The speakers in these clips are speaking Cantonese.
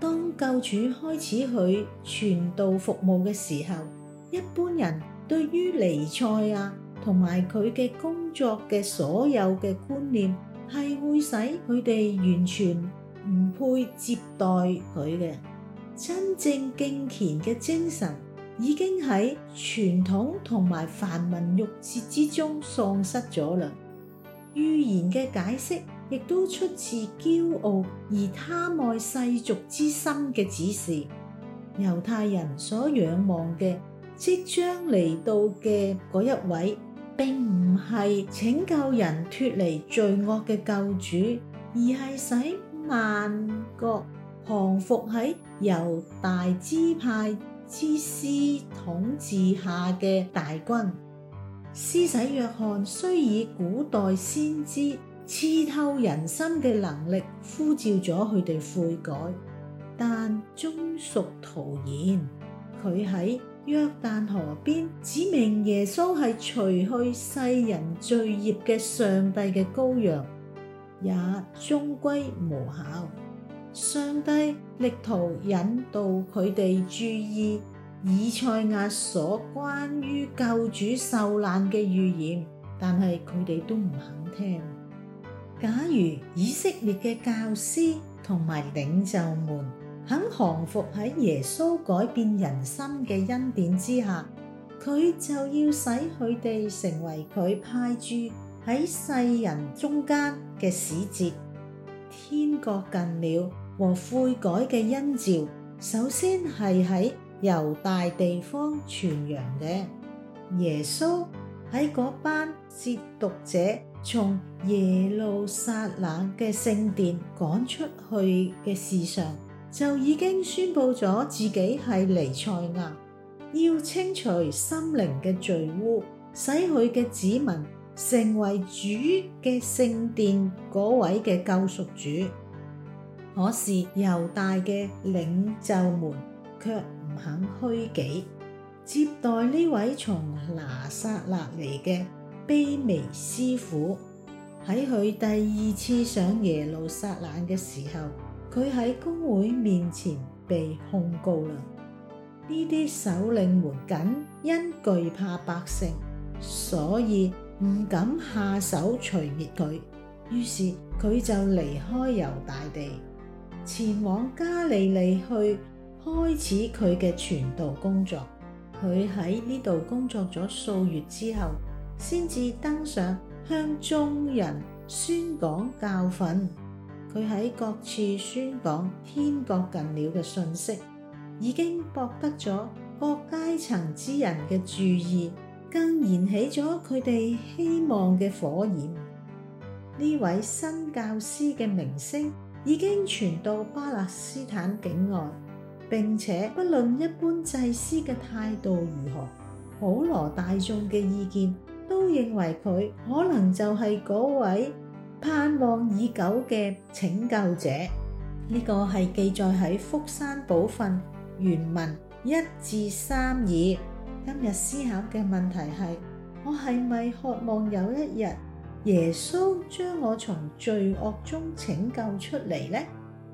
當救主開始佢傳道服務嘅時候，一般人對於彌賽亞同埋佢嘅工作嘅所有嘅觀念，係會使佢哋完全唔配接待佢嘅。真正敬虔嘅精神已經喺傳統同埋繁文縟節之中喪失咗啦。預言嘅解釋。亦都出自驕傲而貪愛世俗之心嘅指示。猶太人所仰望嘅即將嚟到嘅嗰一位，並唔係拯救人脫離罪惡嘅救主，而係使萬國降服喺猶大支派之師統治下嘅大軍。施洗約翰雖以古代先知。刺透人心嘅能力呼召咗佢哋悔改，但終屬徒然。佢喺約旦河邊指明耶穌係除去世人罪孽嘅上帝嘅羔羊，也終歸無效。上帝力圖引導佢哋注意以賽亞所關於救主受難嘅預言，但係佢哋都唔肯聽。假如以色列嘅教師同埋領袖們肯降服喺耶穌改變人心嘅恩典之下，佢就要使佢哋成為佢派駐喺世人中間嘅使節。天國近了和悔改嘅恩召，首先係喺猶大地方傳揚嘅。耶穌喺嗰班褻瀆者從耶路撒冷嘅聖殿趕出去嘅事上，就已經宣布咗自己係彌賽亞，要清除心靈嘅罪污，使佢嘅子民成為主嘅聖殿嗰位嘅救贖主。可是猶大嘅領袖們卻唔肯虛己。接待呢位從拿撒勒嚟嘅卑微師傅，喺佢第二次上耶路撒冷嘅時候，佢喺公會面前被控告啦。呢啲首領們僅因懼怕百姓，所以唔敢下手除滅佢，於是佢就離開猶大地，前往加利利去開始佢嘅傳道工作。佢喺呢度工作咗數月之後，先至登上向眾人宣講教訓。佢喺各處宣講天國近了嘅信息，已經博得咗各階層之人嘅注意，更燃起咗佢哋希望嘅火焰。呢位新教師嘅名聲已經傳到巴勒斯坦境外。並且不論一般祭司嘅態度如何，普羅大眾嘅意見都認為佢可能就係嗰位盼望已久嘅拯救者。呢個係記載喺福山寶訓原文一至三二。今日思考嘅問題係：我係咪渴望有一日耶穌將我從罪惡中拯救出嚟呢？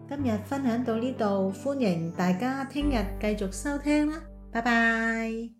今日分享到呢度，歡迎大家聽日繼續收聽啦，拜拜。